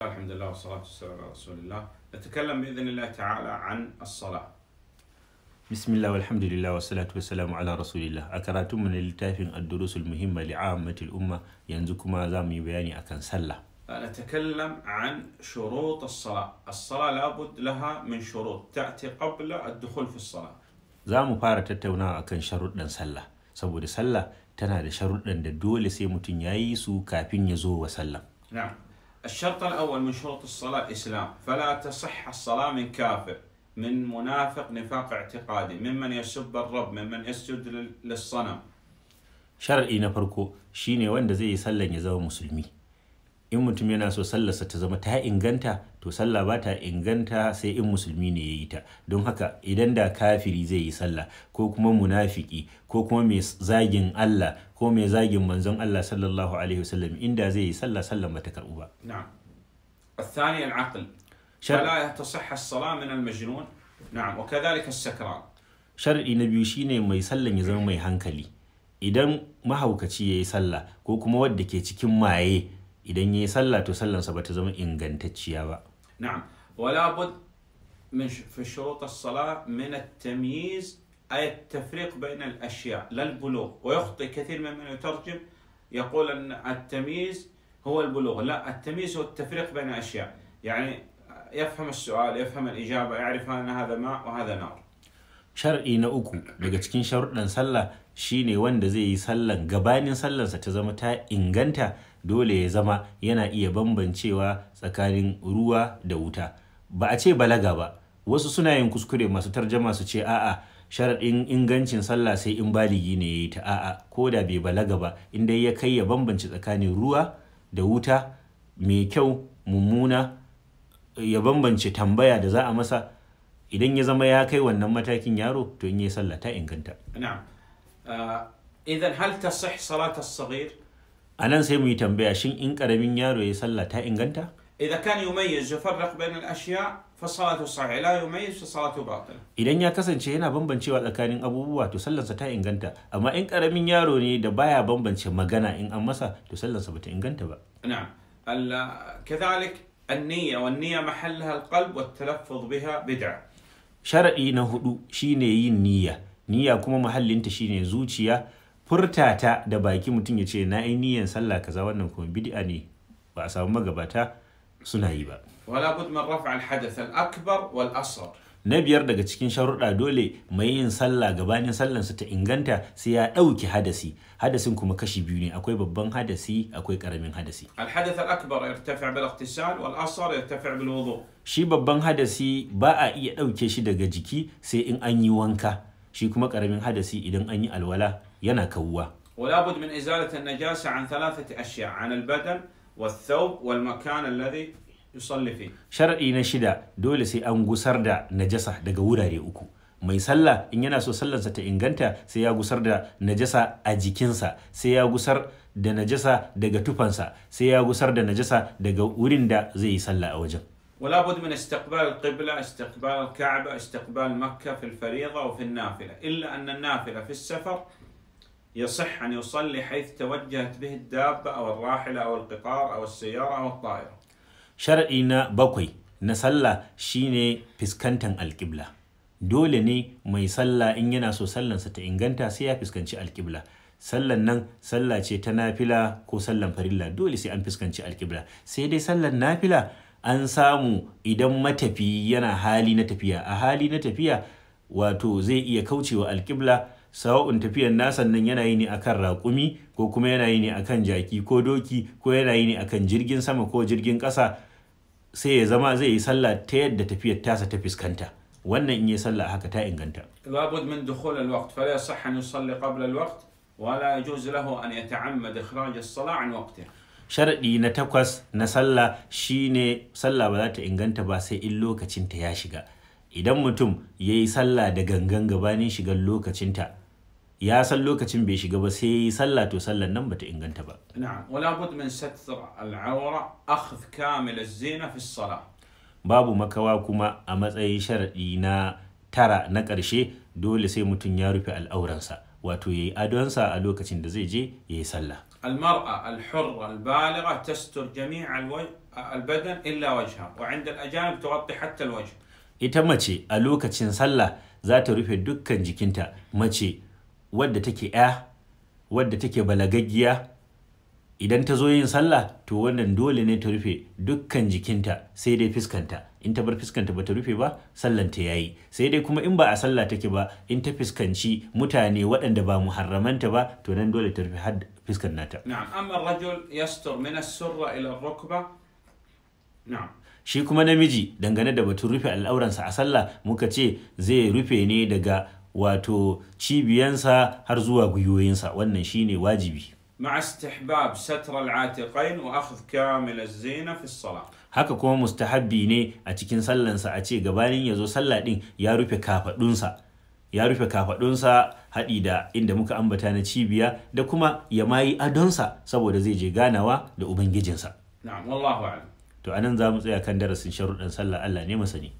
الحمد لله والصلاة والسلام على رسول الله نتكلم بإذن الله تعالى عن الصلاة بسم الله والحمد لله والصلاة والسلام على رسول الله أكراتم من التافين الدروس المهمة لعامة الأمة ينزكما زامي بياني أكن سلة نتكلم عن شروط الصلاة الصلاة لابد لها من شروط تأتي قبل الدخول في الصلاة زامو فارة تتونا أكن شروط سلة سبود سلة تنا شروط دولة سيمتن يايسو كابين يزو وسلم نعم الشرط الأول من شروط الصلاة الإسلام فلا تصح الصلاة من كافر من منافق نفاق اعتقادي ممن يسب الرب ممن يسجد للصنم شرعي نفركو شيني وين زي يسلن يزاو مسلمي in mutum yana so sallarsa ta zama ta inganta to sallah ba ta inganta sai in musulmi ne ya yi ta don haka idan da kafiri zai yi sallah ko kuma munafiki ko kuma mai zagin Allah ko mai zagin manzon Allah sallallahu alaihi wasallam inda zai yi sallah sallah bata karbu ba na'am الثاني العقل فلا تصح الصلاة من المجنون نعم mai sallan ya zama mai hankali idan mahaukaci yi sallah ko kuma wadda ke cikin maye idan yayi sallah to sallansa ba ta zama ingantacciya ba na'am wala bud min fi shurut as-salah min at-tamyiz ay at-tafriq أي التفريق بين الأشياء لا البلوغ ويخطئ كثير من من يترجم يقول أن التمييز هو البلوغ لا التمييز هو التفريق بين اشياء يعني يفهم السؤال يفهم الإجابة يعرف أن هذا ماء وهذا نار شرعي na uku daga cikin sharuɗan sallah shine wanda zai yi sallan gabanin sallansa ta zama ta inganta dole ya zama yana iya bambancewa tsakanin ruwa da wuta ba a ce balaga ba wasu suna yin kuskure masu tarjama su ce a'a sharaɗin ingancin sallah sai in baligi ne ya yi ta a'a ko da bai balaga ba in dai ya kai ya bambance tsakanin ruwa da wuta mai kyau mummuna ya bambance tambaya da za a masa idan ya zama ya kai wannan matakin yaro to in yi sallah ta inganta ah, idan hal tasih salat as-saghir anan sai mu yi tambaya shin in karamin yaro ya sallah ta inganta idan kan yumayyiz إذا bain al ashiya fa salatu sahih la yumayyiz fa salatu batil idan ya kasance yana bambancewa tsakanin abubuwa to sallarsa ta inganta amma in karamin yaro ne da baya bambance magana in an masa to sallarsa bata inganta ba na'am kadhalik an-niyya كذلك النية والنية محلها القلب talaffuz biha بدعة sharadi na hudu shine yin niyya niyya kuma mahallinta shine zuciya furta ta da baki mutum ya ce na ainihin sallah kaza wannan kuma bid'a ne ba a samu magabata suna yi ba wala bud ma raf'a al hadath al akbar wal na biyar daga cikin sharuɗa dole mai yin sallah gabanin sallansa ta inganta sai ya ɗauki hadasi hadasin kuma kashi biyu ne akwai babban hadasi akwai ƙaramin hadasi al al akbar yartafi bil wal asghar yartafi shi babban hadasi ba a iya ɗauke shi daga jiki sai in an yi wanka shi kuma ƙaramin hadasi idan an yi alwala ينا كوا ولا بد من إزالة النجاسة عن ثلاثة أشياء عن البدن والثوب والمكان الذي يصلي فيه شرعي نشدا دولة سي أنغسر دا نجاسة دا غوراري أكو mai sallah in yana so sallarsa ta inganta sai ya gusar da najasa a jikinsa sai ya gusar da najasa daga tufansa sai ya gusar da najasa daga wurin da zai yi sallah a wajen ولا بد من استقبال القبلة استقبال الكعبة استقبال مكة في الفريضة وفي النافلة إلا أن النافلة في السفر يصح أن يصلي حيث توجهت به الدابة أو الراحلة أو القطار أو السيارة أو الطائرة شرعينا بقي نصلى شيني فسكنتن القبلة dole ne mai sallah in yana so sallansa ta inganta sai ya fuskanci alkibla sallan nan sallah ce ta nafila ko sallan farilla dole sai an fuskanci alkibla sai dai sallan nafila an samu idan matafi yana hali na tafiya a hali na tafiya wato zai iya kaucewa alkibla sawa'un tafiyar nasan nan yana yi ne akan raƙumi ko kuma yana yi ne akan jaki ko doki ko yana yi ne akan jirgin sama ko jirgin ƙasa sai ya zama zai yi sallah ta yadda tafiyar tasa ta fuskanta wannan in yi sallah haka ta inganta labud min dukhul alwaqt yasah an yusalli qabla alwaqt yajuz lahu an yata'ammad ikhraj as-salah an sharadi na takwas na sallah shine sallah ba za ta inganta ba sai in lokacinta ya shiga idan mutum ya yi sallah da gangan gabanin shigar lokacinta ya san lokacin bai shiga ba sai sallah to sallan nan bata inganta ba na'am wala bud min satr al a akhd kamil az-zina salah babu makawa kuma a matsayin sharadi na tara na ƙarshe dole sai mutum ya rufe al'auransa wato yayi adonsa a lokacin da zai je yayi sallah المرأة الحرة البالغة تستر جميع الوجه البدن إلا وجهها وعند الأجانب تغطي حتى الوجه ita mace a lokacin sallah za ta rufe dukkan jikinta mace wadda take ya wadda take balagaggiya idan ta zo yin sallah to wannan dole ne ta rufe dukkan jikinta sai dai fiskanta in ta bar fiskanta ba ta rufe ba sallan ta yayi sai dai kuma in ba a sallah take ba in ta fiskanci mutane waɗanda ba muharramanta ba to nan dole ta rufe har fiskan nata na'am amma rajul yastur min as-surra ila rukba na'am shi kuma namiji dangane da batun rufe al'auransa a sallah muka ce zai rufe ne daga wato cibiyansa har zuwa gwiwoyinsa wannan shine wajibi haka kuma mustahabbi ne a cikin sallansa a ce gabanin ya zo sallah din ya rufe kafadunsa ya rufe kafadunsa haɗi da inda muka ambata na cibiya da kuma ya mayi adonsa saboda zai je ganawa da ubangijinsa na'am wallahu to anan za mu tsaya kan darasin sharuɗan sallah Allah ne masani